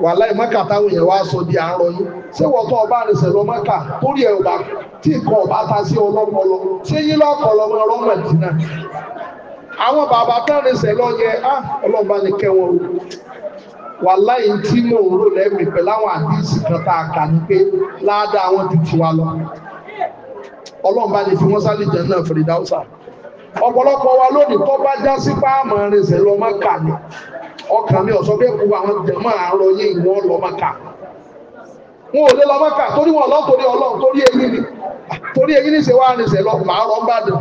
wàláì mọ́kà táwọn èèyàn wá sọ di àárọ̀ yín ṣé wọ́n tó ọba àrẹsẹ̀ lọ mọ́kà torí ẹ̀ ọba tí nǹkan ọba ta sí ọlọ́mọlọ ṣé yín lọ́kọ̀ lọ́mọ ọlọ́mọ ìdínà àwọn bàbá tánrẹsẹ̀ lọ yẹ á ah, ọlọ́mọba ní kẹwọn o wàláì tí mò ń rò lẹ́mìí pẹ̀lú àwọn àdíìsì kan tá a kà ní pé ládàá àwọn ti tù wá lọ ọlọ́mọba ní fi wọ́n sálì jẹ́ náà fèrè dáúsà ọ̀pọ̀lọpọ̀ wa lónìí tó bá já sí páàmù àrẹsẹ̀ lọ mọ́kà ni ọkàn mi ọ̀sọ́ bẹ́ẹ̀ kú àwọn jẹ̀mọ́ àárọ̀ yé ìwọ́n lọ mọ́kà wọn ò lè lọ mọ́kà torí wọn lọ torí ọlọ́run torí èyí ni torí èyí ni ṣe wá ní ìṣẹ̀lọ màárọ̀ ń bàdàn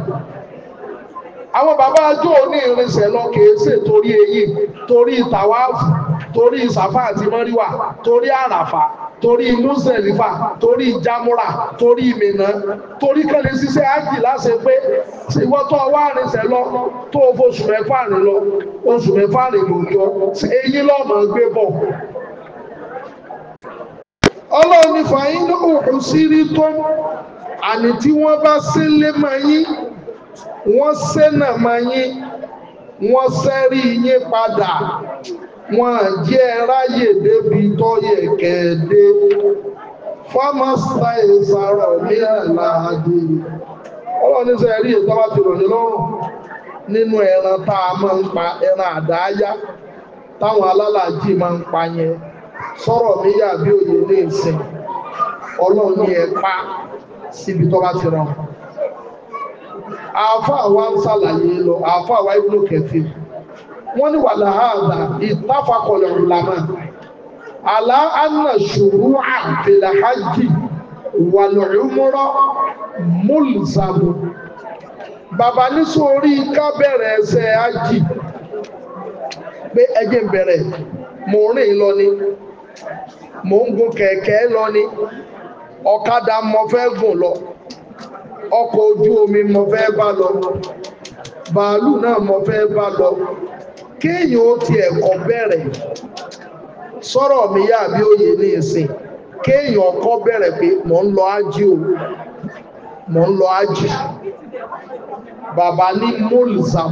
àwọn bàbá ajó ní ìrìnsẹ̀ lọ kèé ṣe torí èyí torí ìtàwáàfù torí sàfà àti mọ́ríwà torí àràfà torí mùsẹ̀lífà torí jamura torí mìnà torí kẹ́lẹ́ ṣiṣẹ́ ájì láṣẹ pé ìwọ́tọ̀ wà rìnṣẹ́ lọ tó oṣù mẹ́fà rìn lọ oṣù mẹ́fà rìn lòjọ́ èyí lọ́mọ gbé bọ̀ ọlọ́run ní fàáyín ní òkú sírí tó àní tí wọ́n bá sílé máa yín wọ́n sẹ́nà máa yín wọ́n sẹ́rí yín padà wọn jẹ́ ráyè débi tó yẹ kẹ́ẹ̀dé fámásá ìsàrọ̀ ní àlàáde ọlọ́run ní sẹ́yìn rí ètò bá ti rọ̀lẹ́ lọ́rùn nínú ẹran tá a máa ń pa ẹran àdáyá táwọn alálàájì máa ń pa yẹn sọ̀rọ̀ mi yà bí òye ní ìsìn ọlọ́run ní ẹ pa síbi tó bá ti rọ̀rùn àáfàá wa ń ṣàlàyé lọ àáfàá wa ibùdó kẹfì wọ́n ní wà láhàdà ìtafakọ̀lẹ̀ ọ̀làmà àlá anna ṣòro àbẹ̀làhájì wà lọ́rùmọ́rọ́ múlùzàmù bàbá ní sórí ká bẹ̀rẹ̀ ẹsẹ̀ ájì pé ẹjẹ́ bẹ̀rẹ̀ mò ń rìn lọ ni mò ń lọ ni ọ̀kadà lọ ọkọ̀ ojú omi lọ bàálù náà fẹ́ lọ kéèyàn ó ti ẹ̀kọ́ bẹ̀rẹ̀ sọ̀rọ̀ mi yá bí ó yẹ ní ìsìn kéèyàn ọkọ́ bẹ̀rẹ̀ pé mò ń lọ ájì o mò ń lọ ájì bàbá ní mólìsàm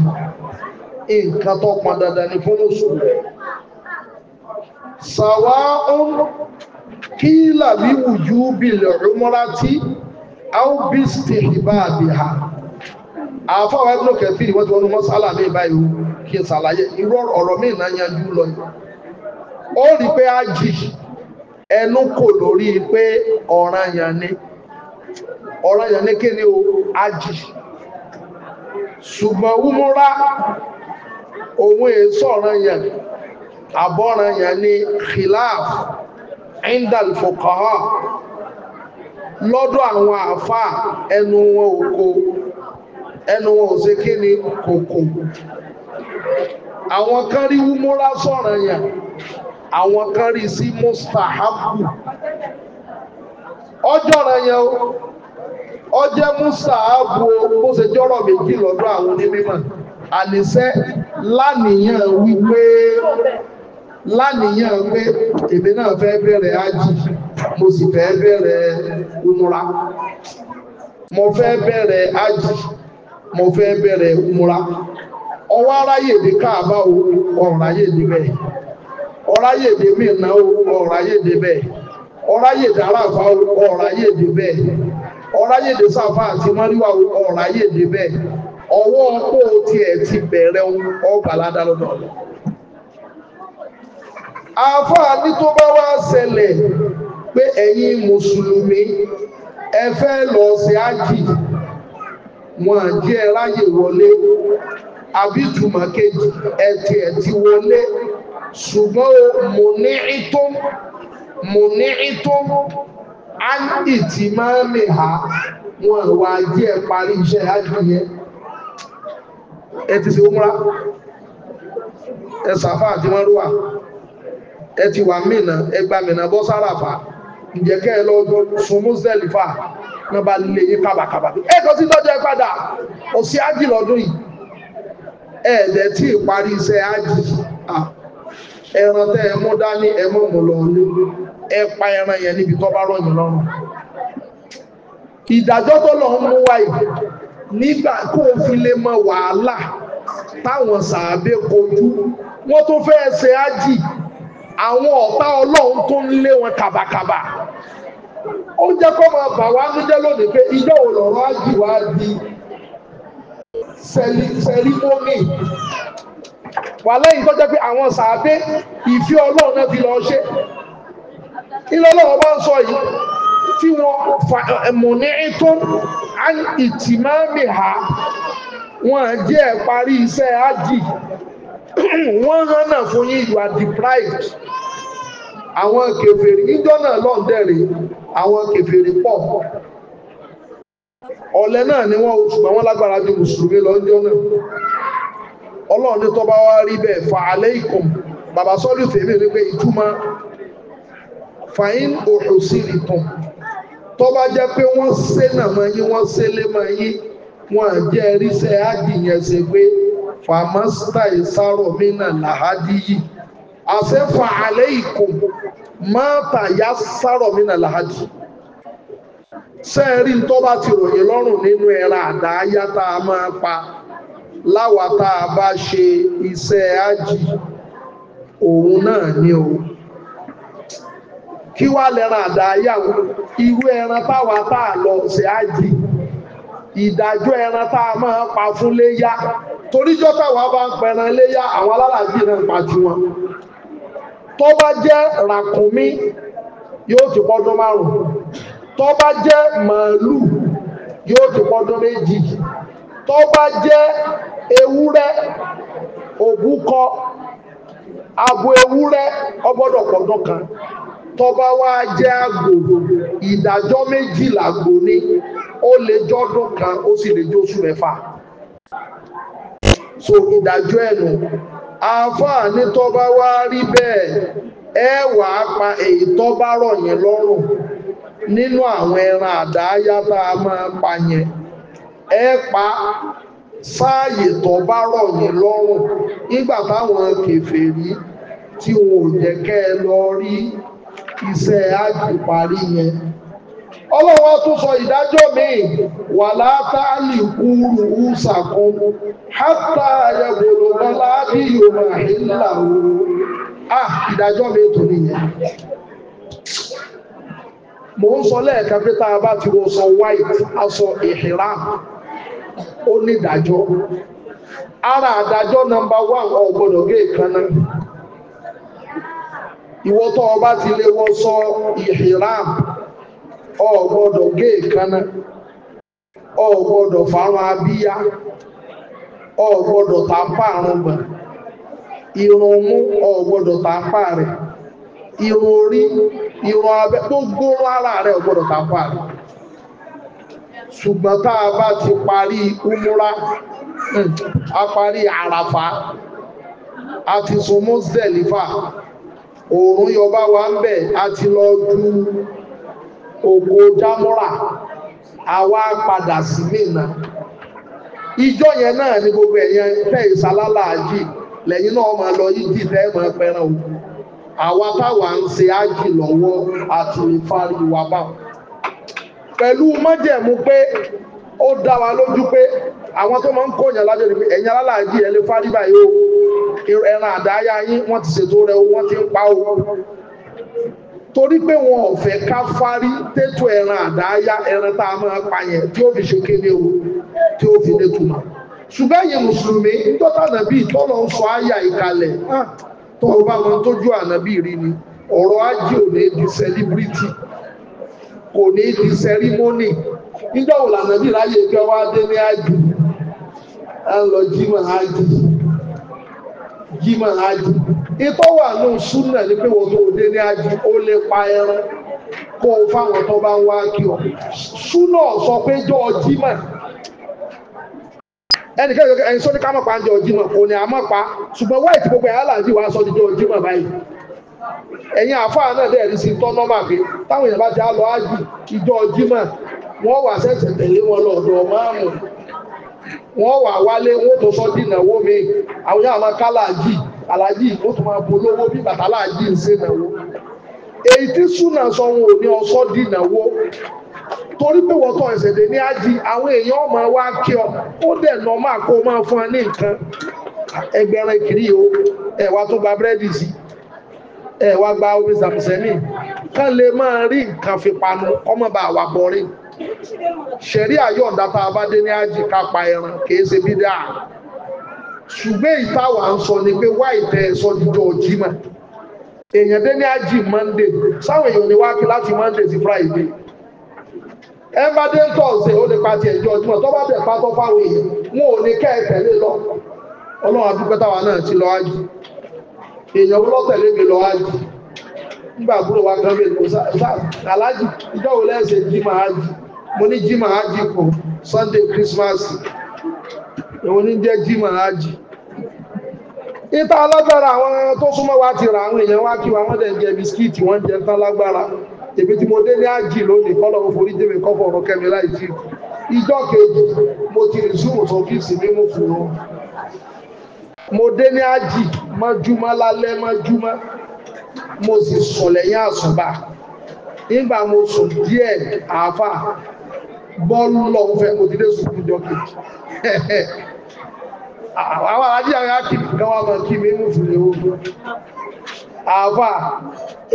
nǹkan tó pọn dandan ní fún mùsùlùmí sàwa ń kí làbí wùjú bìlẹ̀ ọmọrátì áwùbí stèlì ha àfọwọ́ ẹgbẹ́ kẹfì ìwọ́n ti wọ́n mọ́ sálà ní ìbáyìí kí n ṣàlàyé irú ọ̀rọ̀ míì náà yanjú lọ ó rí i pé ájì ẹnu kò lórí pé ọ̀ranyàn ni ọ̀ranyàn ni kí ni o ájì ṣùgbọ́n wúmúra òun èso ọ̀ranyàn àbọ̀ranyàn ni khilaf indal fuqaha lọ́dọ̀ àwọn àáfàá ẹnu wọn ò kò ẹnu wọn ò ṣe kí ni kòkò àwọn kan rí umura sọ̀rọ̀ yẹn àwọn kan rí sí mustahabu ọjọ́ rẹ̀ yẹn o ọjẹ́ mustahabu o bó ṣe jọ́rọ̀ méjì lọ́dọ̀ àwọn onímọ̀ àníṣe lánìyàn wípé lánìyàn pé èmi náà fẹ́ bẹ̀rẹ̀ ájì mo sì fẹ́ bẹ̀rẹ̀ umura mo fẹ́ bẹ̀rẹ̀ ájì mo fẹ́ bẹ̀rẹ̀ umura ọwọ́ aráyè èdè káàbá o ọ̀rọ̀ ayé èdè bẹ́ẹ̀ ọ̀rọ̀ ayé èdè mìíràn o ọ̀rọ̀ ayé èdè bẹ́ẹ̀ ọ̀rọ̀ ayé èdè aráàfá o ọ̀rọ̀ ayé èdè bẹ́ẹ̀ ọ̀rọ̀ ayé èdè sáfà àti mọ́ríwá o ọ̀rọ̀ ayé èdè bẹ́ẹ̀ ọwọ́ ọkọ̀ tiẹ̀ ti bẹ̀rẹ̀ ọgbà ládàá lọ́dọ̀ ọ̀dọ̀ àfáàní tó bá wá ṣẹlẹ̀ pé ẹ̀yin mùsùlùmí ẹ fẹ́ lọ sí ájì wọn àjẹ́ ráyè wọlé àbí ìtumọ̀ kejì ẹ̀tì ẹ̀tì wọlé ṣùgbọ́n mo ní ìtò mo ní ìtò áńdì tí máa ń lè ha wọn wá díẹ̀ parí iṣẹ́ àjọyẹ ẹ ti ṣe múra ẹ sàfà àti wọn rúwà ẹ ti wà mìnà ẹ gba mìnà bọ́ sáràfà ìjẹ́kẹ́ ẹ lọ́jọ́ sunmúzẹ́lì fà náà bá lè yín kábàkábà ẹ kọ́ sí lọ́jọ́ ẹ padà ọ̀sẹ̀ ájì lọ́dún yìí ẹ̀ẹ́dẹ̀ tí ìparí iṣẹ́ ájì ẹran tẹ́ ẹ mú dání ẹ mú mú lọ ní ẹ pa ẹran yẹn níbi tó bá rọ̀yìn lọ́rùn ìdájọ́ tó lọ ń mú wáyé nígbà kó o fi lè mọ wàhálà táwọn sàábé kojú wọ́n tó fẹ́ ṣe ájì àwọn ọ̀tá ọlọ́run tó ń lé wọn kàbàkàbà ó jẹ́ kó máa bà wá ń lónìí pé ìjọ́ òlọ́rọ̀ ájì wá di sẹrímọ́nì wà lẹ́yìn tó jẹ́ pé àwọn sàábé ìfẹ́ ọlọ́run náà fi lọ ṣe ìlọ́lọ́wọ́ bá ń sọ yìí tí wọ́n mọ̀ní tó án ìtìmáàmì ha wọ́n jẹ́ parí iṣẹ́ ájì wọ́n hàn náà fún yín you are deprived àwọn kèfèrí níjọ́ náà lọ́ndẹ̀rẹ̀ àwọn kèfèrí pọ̀ ọ̀lẹ náà ni wọ́n ṣùgbọ́n wọ́n lágbára ju mùsùlùmí lọ́jọ́ náà ọlọ́run ní tó bá wá rí bẹ́ẹ̀ fa alẹ́ ìkùn bàbá sọ́lù tèmi ní pé ìtumọ̀ fàyín òṣòṣì ìtàn tó bá jẹ́ pé wọ́n sé náà mọ̀ yín wọ́n sé lé mọ̀ yín wọ́n à jẹ́ ríṣẹ́ àjìyàn pé fàmásítà ìsárọ̀ náà làhádì yìí àṣẹ fa alẹ́ ìkùn mọ́tà yá sárọ̀ náà làhádì yìí sẹ́ẹ̀rí tó bá ti ròyìn lọ́rùn nínú ẹran àdáyá tá a máa pa láwa tá a bá ṣe iṣẹ́ ájì òun náà ni o kí wá lẹ́ran àdáyá irú ẹran táwa tá a lọ ṣe ájì ìdájọ́ ẹran tá a máa pa fún léyá toríjọ́ táwa bá ń pẹran léyá àwọn alálàájì náà ń pa jù wọn tó bá jẹ́ ràkúnmí yóò ti pọ́dún márùn-ún tọba bá jẹ́ màálù yóò ti pọ́dún méjì tó jẹ́ ewúrẹ́ òbúkọ abo ewúrẹ́ ọgbọ́dọ̀ pọ́dún kan tó wá jẹ́ àgbò ìdájọ́ méjìlá ni ó lè jọ́dún kan ó sì lè jẹ́ oṣù mẹ́fà so ìdájọ́ ẹ̀nu àáfàá ní wa wá rí bẹ́ẹ̀ ẹ wàá nínú àwọn ẹran àdáyá tá a máa pa yẹn ẹ pa sáàyè tó bá rọ̀ yín lọ́rùn nígbà táwọn kèfèrí tí wọn ò jẹ́ kẹ́ ẹ lọ rí iṣẹ́ àjò parí yẹn ọlọ́wọ́ tó sọ ìdájọ́ míì wà látàlì kúrú hátà ayẹ̀wòrò lọ́lá bí ń là ó ah ìdájọ́ mi mo ń sọ lẹ́ẹ̀kan pé tá a bá ti sọ white aṣọ ìhìrá ara àdájọ́ nọmba one ọ̀gbọ́dọ̀ gé ìkànnà ìwọ tó o bá ti lè wọ sọ ìhìrá ọ̀gbọ́dọ̀ gé ìkànnà ọ̀gbọ́dọ̀ fárun abíyá ọ̀gbọ́dọ̀ tàpá àrùn gbà irun mú irun orí irun abẹ́ gbogbo lára rẹ̀ ò gbọ́dọ̀ tàpá rẹ̀ ṣùgbọ́n tá a bá ti parí umura hmm, a parí àràfà a ti sun mọ́sẹ̀lífà òòrùn yọba wa ń bẹ̀ a ti lọ ju ògo jámúrà àwa padà sí Mínà ìjọ yẹn náà ni gbogbo ẹ̀yẹn tẹ̀ ìsálálà àjì lẹ́yìn náà máa lọ yídì tẹ́ máa pẹran òkú àwa táwa ń ṣe ájì lọ́wọ́ àti ìfarí wa bá pẹ̀lú májẹ̀mú pé ó dá wa lójú pé àwọn tó máa ń kọ̀yàn lájọ́ ni ẹ̀yin alálàájì ẹ̀ lè fárí báyìí o ẹran àdáyá yín wọ́n ti ṣètò rẹ̀ wọ́n ti ń pa o torí pé wọn ò fẹ́ ká fárí tètò ẹran àdáyá ẹran tá a máa pa yẹn tí ó fi ṣe kéde o tí ó fi lè tuma ṣùgbọ́n ẹ̀yin mùsùlùmí tó tànà bíi tọ́lọ̀ ń sọ àyà ìkalẹ̀ tó o bá wọn tójú ànábì rí ni ọ̀rọ̀ ajé ò ní di celebrity kò ní di ceremony nígbà wo lànàbì ráyè pé wá dé ní ájì à ń lọ jímọ̀ ájì jímọ̀ ájì ìtọ́ wà ní súnà ní pé wọ́n tó dé ní ájì ó lè pa ẹran kó o fáwọn tó bá ń wá kí ọ súnà sọ pé jọ jímọ̀ ẹnìkan yóò ẹni sọ ní ká mọ̀pá jọ jímọ̀ kò ní àmọ́pa ṣùgbọ́n wáìtì gbogbo ẹ̀yà láti wá sọ jíjọ jímọ̀ báyìí ẹ̀yin àfáà náà dẹ̀ rí sí tọ́ nọ́mà pé táwọn èèyàn bá ti á lọ ájì ìjọ jímọ̀ wọ́n wà sẹ̀sẹ̀ tẹ̀lé wọn lọ́dọ̀ máàmù wọ́n wà wálé wọ́n tó sọ dìnàwó mi àwọn yàrá kálà jì alájì ó tún máa polówó bí bàtà alájì ń ṣe náwó èyí tí súnà sọ wọn ò ní ọsọ dìnàwó torí pé wọ́n tọ́ ẹ̀sẹ̀ dé ní ájí àwọn èèyàn máa wá kí ọ ó dẹ̀ nà máa kó máa fún ọ ní nǹkan ẹgbẹ̀rún ìkìrí o ẹ̀wà tó gba búrẹ́dì sí ẹ̀wà gba omi sàmùsẹ́mì ká lè máa rí nǹkan fi panu ọmọ bá wà bọ́rí ṣẹ̀rí àyọ̀ǹda tá a bá dé ní ájí ká pa ẹran kìí ṣe bí dáa ṣùgbọ́n ìtawà ń sọ ni pé wáìtẹ́ sọ jíjọ jímọ̀ èèyàn dé ní ají monday sáwọn èèyàn ní wá kí láti monday sí friday everton tọ̀sẹ̀ ó lè pàtì ẹ̀jọ́ ọdún tó bá bẹ̀ pátọ́ fáwọn èèyàn wọn ò ní kẹ́ ẹ̀ tẹ̀lé lọ ọlọ́run adúpẹ́ táwa náà ti lọ ají èèyàn wọ́n tẹ̀lé mi lọ ají nígbà àbúrò wa kan bẹ́ẹ̀ kò sáà alájí ìjọ wo lẹ́sẹ̀ jí máa jí mo ní jí máa jí kù sunday christmas èwo ní jẹ́ jí máa jí. ita alagbara àwọn ẹran tó súnmọ́ wá ti ra àwọn èèyàn wá kí wa dẹ̀ jẹ bisikíìtì wọ́n jẹ tán lágbára èmi tí mo dé ní àjì lónìí kọ́lọ̀ forí dé kọ́kọ́ ọ̀rọ̀ kẹ́mi láì jí ìjọ kejì mo ti rìn súnmù tó kí sí mímú fún un mo dé ní lálẹ́ mo sì àwọn alájíyàwó agha kan wá kí mi ní a, ogun àfà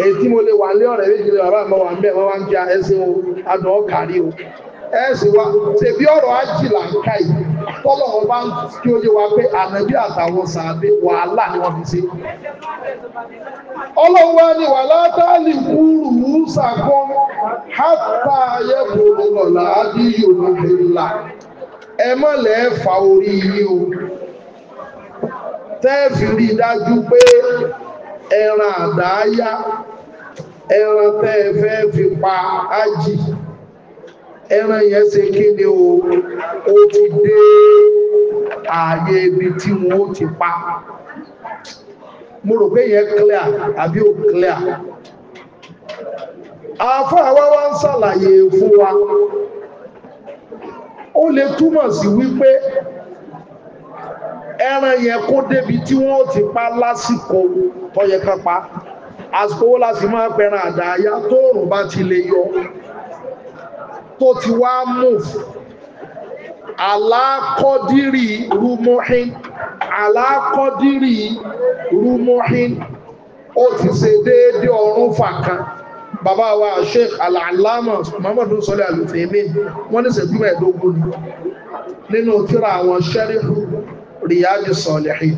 ètí mo lè wà ní ọ̀rẹ́ méjì lè bàbá àmọ́ wà ń bẹ̀ wọ́n wá ń kí ẹsẹ̀ o adùn ọkàrí o ẹ̀sìn wa tèbí ọ̀rọ̀ ájì là ń ká wa pé àtàwọn sàbẹ̀ wàhálà ni wọ́n fi ṣe. ọlọ́wọ́ ni wà látàlí kúrú hátà lọ́la á bí yorùbá ẹ̀ fa orí yìí o. tẹ́ẹ̀fì rí dájú pé ẹran àdáyá ẹran tẹ́ẹ̀fẹ́ fi pa ájì ẹran yẹn ṣe kí ni o ó ti dé ààyè ibi tí wọ́n ó ti pa mo rò pé yẹn clear àbí ò clear àáfàá wa wá ń ṣàlàyé fún wa ó lè túmọ̀ sí wípé ẹran yẹn kó débi tí wọ́n ti pa lásìkò tọ́yẹ kan pa àsìkò wo láti máa pẹran àdáyá tóòrùn bá ti lè yọ tó ti wá move alákọ́dírì rúmọ́hín alákọ́dírì rúmọ́hín ó ti ṣe déédé ọrún fàkan bàbá wa sheikh alàlámà muhammadu sọlẹ̀ àlùfẹ́mẹ́ wọ́n ní ṣètúmọ̀ ẹ̀dógún nínú tíra àwọn ṣẹ́ríhù Riyadu Salihin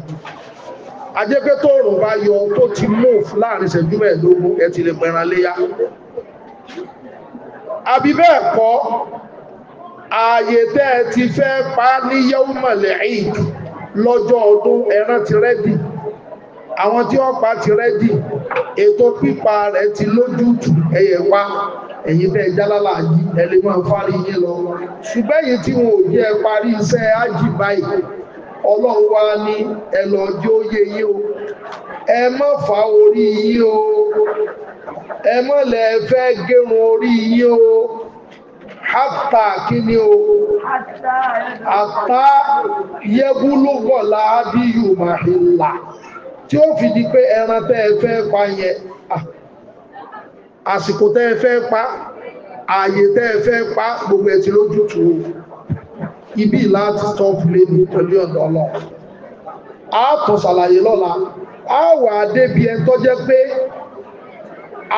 ajẹ́pẹ́ tó rùn bá yọ tó ti move láàrin ìṣẹ́jú mẹ́ẹ̀ẹ́dógún ẹ ti lè pẹran léyá àbí bẹ́ẹ̀ kọ́ ààyè tẹ́ ẹ ti fẹ́ pa ní yẹ́wùmọ̀lẹ̀ eid lọ́jọ́ ọdún ẹran ti rẹ́dì àwọn tí wọ́n pa ti rẹ́dì ètò pípa rẹ̀ ti lójútù ẹ̀yẹ̀ wá ẹ̀yin tẹ́ jálálà yìí ẹ fárí yín lọ ṣùgbẹ́yìn tí wọn ò jẹ́ parí iṣẹ́ ájì ọlọ́run wá ní ẹlọ́jọ́ oyè yìí o ẹ má fa orí yìí o ẹ má lẹ̀ fẹ́ gérun orí yìí o hátà kí ni o àtà yẹbúlógọ̀ láàbíyù màhìlà tí ó fi di pé ẹran tẹ́ ẹ fẹ́ pa yẹn ah, àsìkò tẹ́ fẹ́ pa ààyè tẹ́ fẹ́ pa gbogbo ẹ̀ tí lójútùú ibi láti stop lẹ́nu pẹ̀lú ọ̀dọ̀ ọlọ́run a tún ṣàlàyé lọ́la a wà débi ẹni tó jẹ́ pé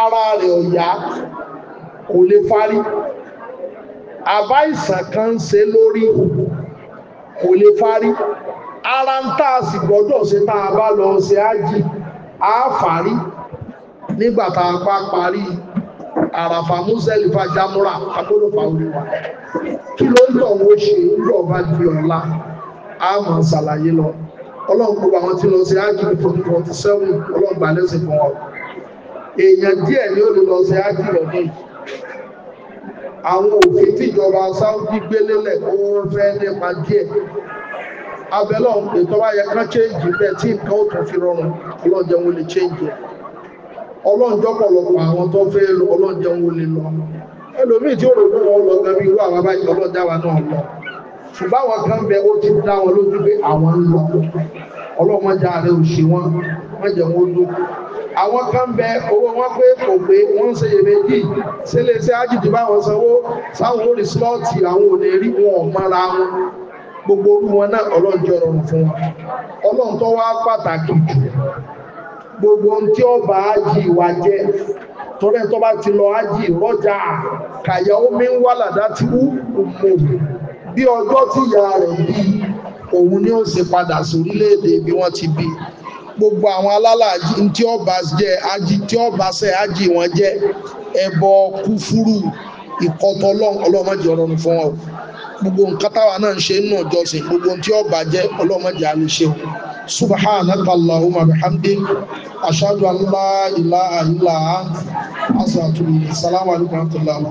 ara rẹ̀ ọ̀yá kò lè fárí àbá ìsàn kan ṣe lórí kò lè fárí ara ń tá a sì gbọ́dọ̀ ṣe tá a bá lọ ṣe ájì á fárí nígbà tá a bá parí àràfà músẹ́lì fàjámúra agbọ́dọ̀ fàwọn tẹ́lítọ̀ wo ṣe ìlú ọba di ọ̀la a máa ṣàlàyé lọ ọlọ́run gbogbo àwọn tí lọ sí ágìlì twenty twenty seven ọlọ́run gbà lẹ́sìn fún wọn èèyàn díẹ̀ ni ó lè lọ sí ágìlì ọdún yìí àwọn òfin tíjọba sáúdí gbélélẹ̀ owó fẹ́ nípa díẹ̀ abẹ́lọ́ ìtọ́wá yẹ ká chéǹjì bẹ́ẹ̀ tí nǹkan ó tún fi rọrùn ọlọ́njẹun lè chéǹjì ọlọ́njọ́pọ̀lọpọ̀ àwọn tó fẹ́ ọlọ́njẹun lè lọ ẹlòmíì tí ó rò fún wọn lọ gan bí irú àwọn abájọ ọlọ́dá wa náà lọ ṣùgbọ́n àwọn kan bẹ ó ti dá wọn lójú pé àwọn ń lọ ọlọ́mọdé ààrẹ ò ṣe wọn wọ́n jẹ wọn ló àwọn kan bẹ owó wọn pé kò pé wọ́n ń ṣe iyèméjì sílé iṣẹ́ ájìdì báwọn sanwó sáwọn orí slọ́ọ̀tì àwọn òde rí wọn ò mọ́ra wọn gbogbo orú wọn náà ọlọ́njọ́ rọrùn fún wọn ọlọ́run wá pàtàkì jù gbogbo ohun tí ọba á jí jẹ torí ẹ̀ tó bá ti lọ ájì rọ́jà kàyà omi ń wà làdá tí wú òmò bí ọjọ́ tí ìyá rẹ̀ bí òun ni ó sì padà sórílẹ̀-èdè bí wọ́n ti bí gbogbo àwọn alálàájì tí ọba jẹ ájì tí ọba ṣe ájì wọn jẹ ẹbọ kúfúrú ìkọtọ ọlọmọdé ọlọ́run fún ọ gbogbo nǹkan táwa náà ń ṣe nínú ìjọsìn gbogbo tí ó bàjẹ́ ọlọ́mọdé a lè ṣe o subhanaka allahumma bihamdik ashhadu an la ilaha illa alaykum